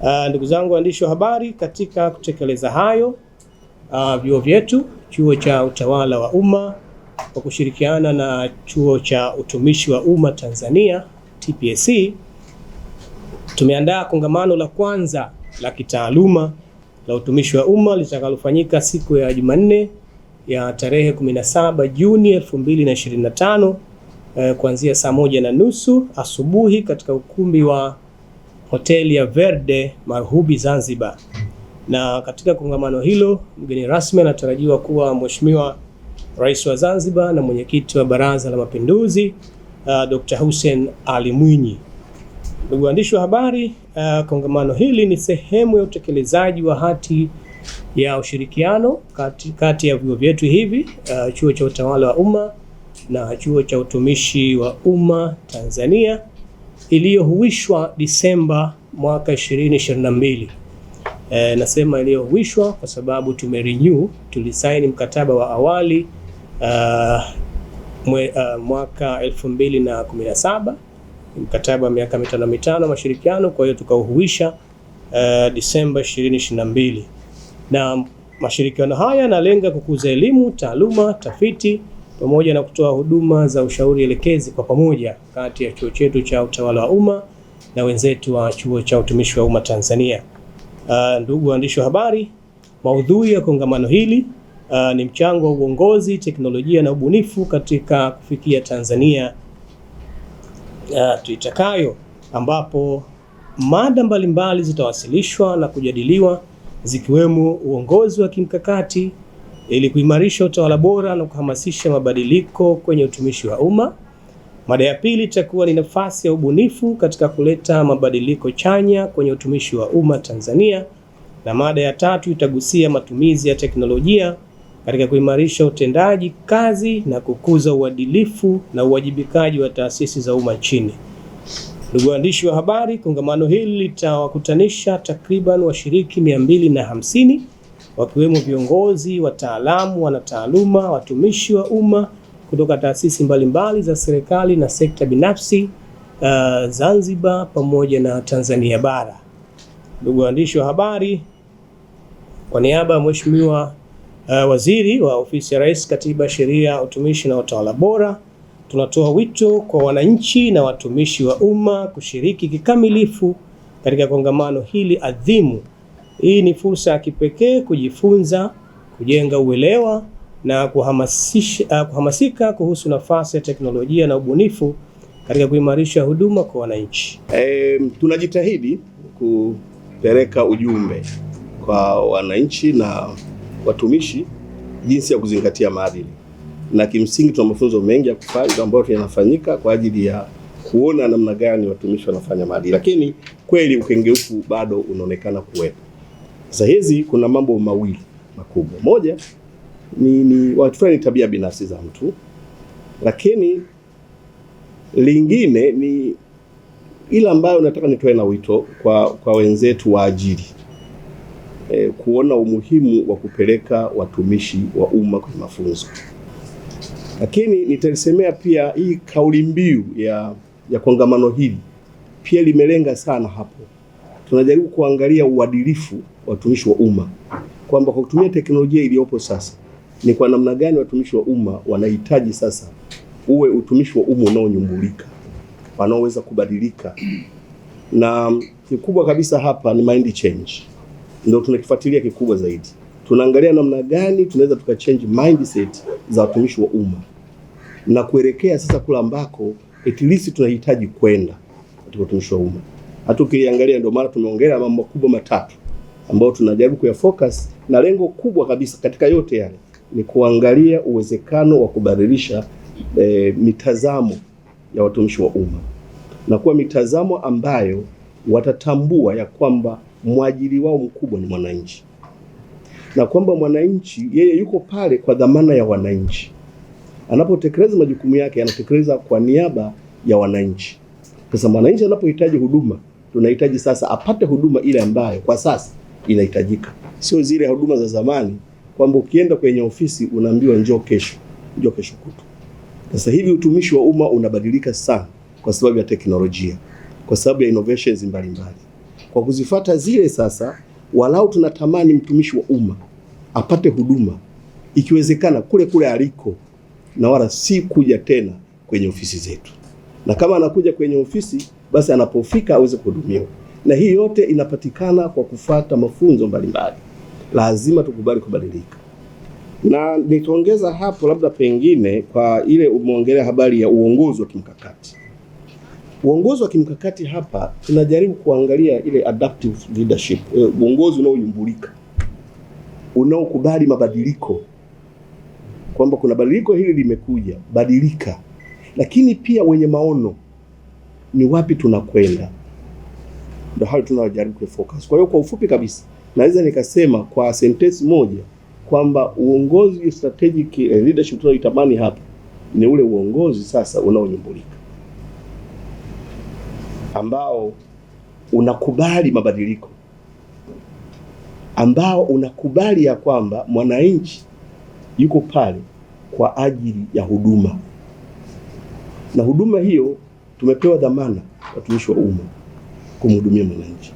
Uh, ndugu zangu waandishi wa habari, katika kutekeleza hayo uh, vyuo vyetu chuo cha utawala wa umma kwa kushirikiana na chuo cha utumishi wa umma Tanzania TPSC e, tumeandaa kongamano la kwanza la kitaaluma la utumishi wa umma litakalofanyika siku ya Jumanne ya tarehe 17 Juni 2025 eh, kuanzia saa moja na nusu asubuhi katika ukumbi wa hoteli ya Verde Marhubi Zanzibar, na katika kongamano hilo mgeni rasmi anatarajiwa kuwa Mheshimiwa Rais wa Zanzibar na mwenyekiti wa Baraza la Mapinduzi uh, Dr. Hussein Ali Mwinyi. Ndugu waandishi wa habari, uh, kongamano hili ni sehemu ya utekelezaji wa hati ya ushirikiano kati, kati ya vyuo vyetu hivi uh, chuo cha utawala wa umma na chuo cha utumishi wa umma Tanzania iliyohuishwa Disemba mwaka 2022. E, nasema iliyohuishwa kwa sababu renew tulisaini mkataba wa awali uh, mwe, uh, mwaka 2017 mkataba wa miaka mitano mitano mashirikiano, kwa hiyo tukauhuisha uh, Disemba 2022 na mashirikiano haya yanalenga kukuza elimu, taaluma, tafiti pamoja na kutoa huduma za ushauri elekezi kwa pamoja kati ya chuo chetu cha utawala wa umma na wenzetu wa chuo cha utumishi wa umma Tanzania. Uh, ndugu waandishi wa habari, maudhui ya kongamano hili uh, ni mchango wa uongozi, teknolojia na ubunifu katika kufikia Tanzania uh, tuitakayo, ambapo mada mbalimbali zitawasilishwa na kujadiliwa zikiwemo uongozi wa kimkakati ili kuimarisha utawala bora na kuhamasisha mabadiliko kwenye utumishi wa umma. Mada ya pili itakuwa ni nafasi ya ubunifu katika kuleta mabadiliko chanya kwenye utumishi wa umma Tanzania, na mada ya tatu itagusia matumizi ya teknolojia katika kuimarisha utendaji kazi na kukuza uadilifu na uwajibikaji wa taasisi za umma nchini. Ndugu waandishi wa habari, kongamano hili litawakutanisha takriban washiriki mia mbili na hamsini wakiwemo viongozi, wataalamu, wanataaluma, watumishi wa umma kutoka taasisi mbalimbali za serikali na sekta binafsi uh, Zanzibar pamoja na Tanzania bara. Ndugu waandishi wa habari, kwa niaba ya Mheshimiwa uh, Waziri wa Ofisi ya Rais, Katiba, Sheria, Utumishi na Utawala Bora, tunatoa wito kwa wananchi na watumishi wa umma kushiriki kikamilifu katika kongamano hili adhimu hii ni fursa ya kipekee kujifunza, kujenga uelewa na kuhamasisha, ah, kuhamasika kuhusu nafasi ya teknolojia na ubunifu katika kuimarisha huduma kwa wananchi. E, tunajitahidi kupeleka ujumbe kwa wananchi na watumishi jinsi ya kuzingatia maadili, na kimsingi tuna mafunzo mengi ya kufanya ambayo yanafanyika kwa ajili ya kuona namna gani watumishi wanafanya maadili, lakini kweli ukengeufu bado unaonekana kuwepo. Sasa hizi kuna mambo mawili makubwa. Moja ni, ni watu fulani, tabia binafsi za mtu, lakini lingine ni ile ambayo nataka nitoe na wito kwa, kwa wenzetu waajiri e, kuona umuhimu wa kupeleka watumishi wa umma kwenye mafunzo, lakini nitasemea pia hii kauli mbiu ya, ya kongamano hili pia limelenga sana hapo tunajaribu kuangalia uadilifu watumishi wa umma kwamba kwa kutumia teknolojia iliyopo sasa ni kwa namna gani watumishi wa umma wanahitaji sasa uwe utumishi wa umma unaonyumbulika, wanaoweza kubadilika, na kikubwa kabisa hapa ni mind change, ndio tunakifuatilia kikubwa zaidi. Tunaangalia namna gani tunaweza change mindset za watumishi wa umma na kuelekea sasa kule ambako at least tunahitaji kwenda katika utumishi wa umma hata ukiangalia, ndio maana tumeongelea mambo makubwa matatu ambayo tunajaribu focus, na lengo kubwa kabisa katika yote yani ni kuangalia uwezekano wa kubadilisha e, mitazamo ya watumishi wa umma na kuwa mitazamo ambayo watatambua ya kwamba mwajiri wao mkubwa ni mwananchi, na kwamba mwananchi yeye yuko pale kwa dhamana ya wananchi. Anapotekeleza majukumu yake, anatekeleza kwa niaba ya wananchi. Sasa mwananchi anapohitaji huduma tunahitaji sasa apate huduma ile ambayo kwa sasa inahitajika, sio zile huduma za zamani kwamba ukienda kwenye ofisi unaambiwa njoo kesho, njoo kesho kutu. Sasa hivi utumishi wa umma unabadilika sana kwa sababu ya teknolojia, kwa sababu ya innovations mbalimbali. Kwa kuzifata zile sasa, walau tunatamani mtumishi wa umma apate huduma ikiwezekana kule kule aliko, na wala si kuja tena kwenye ofisi zetu na kama anakuja kwenye ofisi basi anapofika aweze kuhudumiwa, na hii yote inapatikana kwa kufata mafunzo mbalimbali. Lazima tukubali kubadilika, na nitaongeza hapo labda pengine kwa ile umeongelea habari ya uongozi wa kimkakati. Uongozi wa kimkakati hapa tunajaribu kuangalia ile adaptive leadership, eh, uongozi unaoyumbulika, unaokubali mabadiliko, kwamba kuna badiliko hili limekuja, badilika lakini pia wenye maono ni wapi tunakwenda, ndio hayo tunajaribu kufocus. Kwa hiyo kwa ufupi kabisa naweza nikasema kwa sentensi moja kwamba uongozi strategic eh, leadership tunaoitamani hapa ni ule uongozi sasa unaonyumbulika, ambao unakubali mabadiliko, ambao unakubali ya kwamba mwananchi yuko pale kwa ajili ya huduma na huduma hiyo tumepewa dhamana watumishi wa umma kumhudumia mwananchi.